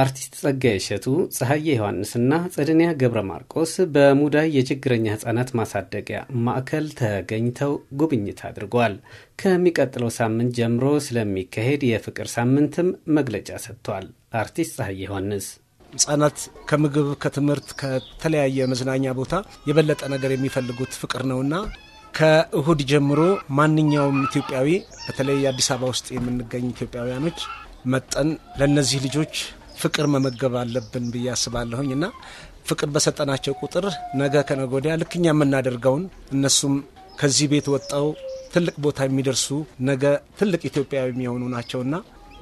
አርቲስት ጸጋ የሸቱ ፀሐዬ ዮሐንስና ጸድንያ ገብረ ማርቆስ በሙዳይ የችግረኛ ህጻናት ማሳደጊያ ማዕከል ተገኝተው ጉብኝት አድርጓል። ከሚቀጥለው ሳምንት ጀምሮ ስለሚካሄድ የፍቅር ሳምንትም መግለጫ ሰጥቷል። አርቲስት ፀሐዬ ዮሐንስ ህጻናት ከምግብ፣ ከትምህርት፣ ከተለያየ መዝናኛ ቦታ የበለጠ ነገር የሚፈልጉት ፍቅር ነውና ከእሁድ ጀምሮ ማንኛውም ኢትዮጵያዊ በተለይ አዲስ አበባ ውስጥ የምንገኝ ኢትዮጵያውያኖች መጠን ለእነዚህ ልጆች ፍቅር መመገብ አለብን ብዬ አስባለሁኝ እና ፍቅር በሰጠናቸው ቁጥር ነገ ከነገ ወዲያ ልክኛ የምናደርገውን እነሱም ከዚህ ቤት ወጣው ትልቅ ቦታ የሚደርሱ ነገ ትልቅ ኢትዮጵያዊ የሚሆኑ ናቸውና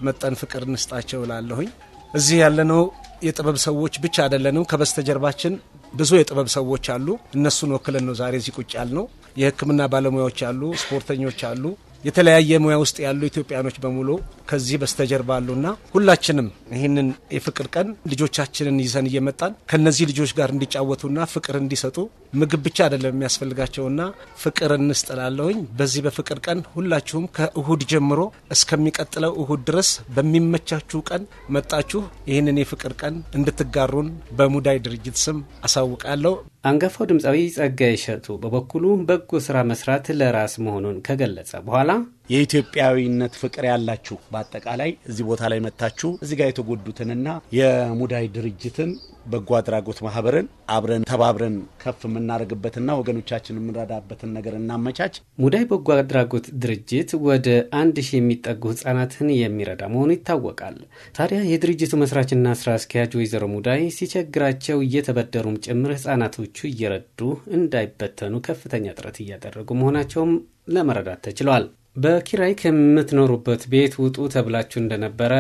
መጠን ፍቅር እንስጣቸው እላለሁኝ። እዚህ ያለነው የጥበብ ሰዎች ብቻ አይደለንም። ከበስተጀርባችን ብዙ የጥበብ ሰዎች አሉ። እነሱን ወክለን ነው ዛሬ እዚህ ቁጭ ያልነው። የሕክምና ባለሙያዎች አሉ፣ ስፖርተኞች አሉ፣ የተለያየ ሙያ ውስጥ ያሉ ኢትዮጵያኖች በሙሉ ከዚህ በስተጀርባ አሉና ሁላችንም ይህንን የፍቅር ቀን ልጆቻችንን ይዘን እየመጣን ከነዚህ ልጆች ጋር እንዲጫወቱና ፍቅር እንዲሰጡ ምግብ ብቻ አይደለም የሚያስፈልጋቸውና ፍቅር እንስጥላለሁኝ። በዚህ በፍቅር ቀን ሁላችሁም ከእሁድ ጀምሮ እስከሚቀጥለው እሁድ ድረስ በሚመቻችሁ ቀን መጣችሁ ይህንን የፍቅር ቀን እንድትጋሩን በሙዳይ ድርጅት ስም አሳውቃለሁ። አንጋፋው ድምፃዊ ጸጋ ይሸጡ በበኩሉ በጎ ስራ መስራት ለራስ መሆኑን ከገለጸ በኋላ የኢትዮጵያዊነት ፍቅር ያላችሁ በአጠቃላይ እዚህ ቦታ ላይ መታችሁ እዚህ ጋር የተጎዱትንና የሙዳይ ድርጅትን በጎ አድራጎት ማህበርን አብረን ተባብረን ከፍ የምናደርግበትና ወገኖቻችን የምንረዳበትን ነገር እናመቻች። ሙዳይ በጎ አድራጎት ድርጅት ወደ አንድ ሺህ የሚጠጉ ህጻናትን የሚረዳ መሆኑ ይታወቃል። ታዲያ የድርጅቱ መስራችና ስራ አስኪያጅ ወይዘሮ ሙዳይ ሲቸግራቸው እየተበደሩም ጭምር ህጻናቶቹ እየረዱ እንዳይበተኑ ከፍተኛ ጥረት እያደረጉ መሆናቸውም ለመረዳት ተችሏል። በኪራይ ከምትኖሩበት ቤት ውጡ ተብላችሁ እንደነበረ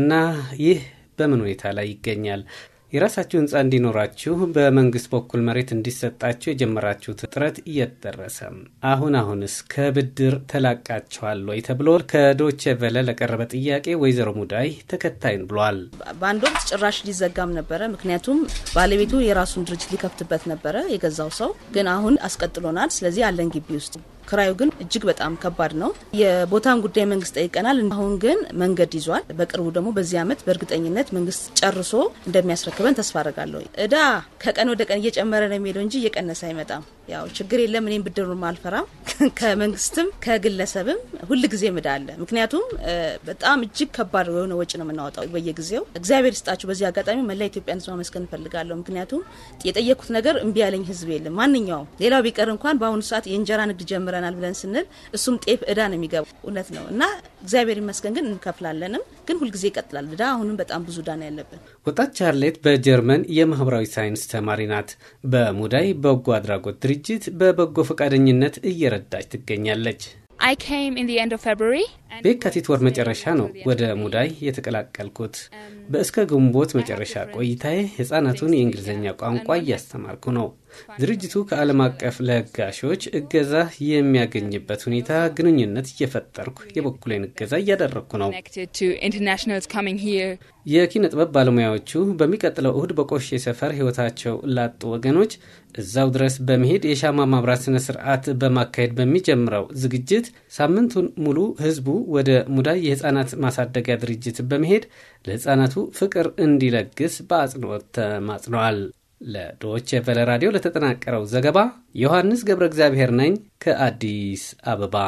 እና ይህ በምን ሁኔታ ላይ ይገኛል? የራሳችሁ ህንፃ እንዲኖራችሁ በመንግስት በኩል መሬት እንዲሰጣችሁ የጀመራችሁት ጥረት እየተደረሰም አሁን አሁንስ ከብድር ተላቃችኋል ወይ ተብሎ ከዶቼ ቬለ ለቀረበ ጥያቄ ወይዘሮ ሙዳይ ተከታይን ብሏል። በአንድ ወቅት ጭራሽ ሊዘጋም ነበረ። ምክንያቱም ባለቤቱ የራሱን ድርጅት ሊከፍትበት ነበረ የገዛው ሰው ግን አሁን አስቀጥሎናል። ስለዚህ አለን ግቢ ውስጥ ክራዩ ግን እጅግ በጣም ከባድ ነው። የቦታን ጉዳይ መንግስት ጠይቀናል። አሁን ግን መንገድ ይዟል። በቅርቡ ደግሞ በዚህ አመት በእርግጠኝነት መንግስት ጨርሶ እንደሚያስረክበን ተስፋ አረጋለሁ። እዳ ከቀን ወደ ቀን እየጨመረ ነው የሚሄደው እንጂ እየቀነሰ አይመጣም። ያው ችግር የለም። እኔም ብድሩ አልፈራም። ከመንግስትም ከግለሰብም ሁልጊዜ ምዳ አለ። ምክንያቱም በጣም እጅግ ከባድ የሆነ ወጪ ነው የምናወጣው በየጊዜው። እግዚአብሔር ይስጣችሁ። በዚህ አጋጣሚ መላ ኢትዮጵያን ህዝብ ማመስገን እንፈልጋለሁ። ምክንያቱም የጠየቅኩት ነገር እምቢ ያለኝ ህዝብ የለም። ማንኛውም ሌላው ቢቀር እንኳን በአሁኑ ሰዓት የእንጀራ ንግድ ጀምረናል ብለን ስንል እሱም ጤፍ እዳ ነው የሚገባ እውነት ነው እና እግዚአብሔር ይመስገን ግን እንከፍላለንም ግን ሁልጊዜ ይቀጥላል። ዳ አሁንም በጣም ብዙ ዳና ያለብን። ወጣት ቻርሌት በጀርመን የማህበራዊ ሳይንስ ተማሪ ናት። በሙዳይ በጎ አድራጎት ድርጅት በበጎ ፈቃደኝነት እየረዳች ትገኛለች። I came in the end of February በየካቲት ወር መጨረሻ ነው ወደ ሙዳይ የተቀላቀልኩት። በእስከ ግንቦት መጨረሻ ቆይታዬ ሕፃናቱን የእንግሊዝኛ ቋንቋ እያስተማርኩ ነው። ድርጅቱ ከዓለም አቀፍ ለጋሾች እገዛ የሚያገኝበት ሁኔታ ግንኙነት እየፈጠርኩ የበኩሌን እገዛ እያደረግኩ ነው። የኪነ ጥበብ ባለሙያዎቹ በሚቀጥለው እሁድ በቆሼ ሰፈር ሕይወታቸው ላጡ ወገኖች እዛው ድረስ በመሄድ የሻማ ማብራት ስነ ስርዓት በማካሄድ በሚጀምረው ዝግጅት ሳምንቱን ሙሉ ሕዝቡ ወደ ሙዳይ የህፃናት ማሳደጊያ ድርጅት በመሄድ ለህፃናቱ ፍቅር እንዲለግስ በአጽንኦት ተማጽነዋል። ለዶች ቨለ ራዲዮ ለተጠናቀረው ዘገባ ዮሐንስ ገብረ እግዚአብሔር ነኝ ከአዲስ አበባ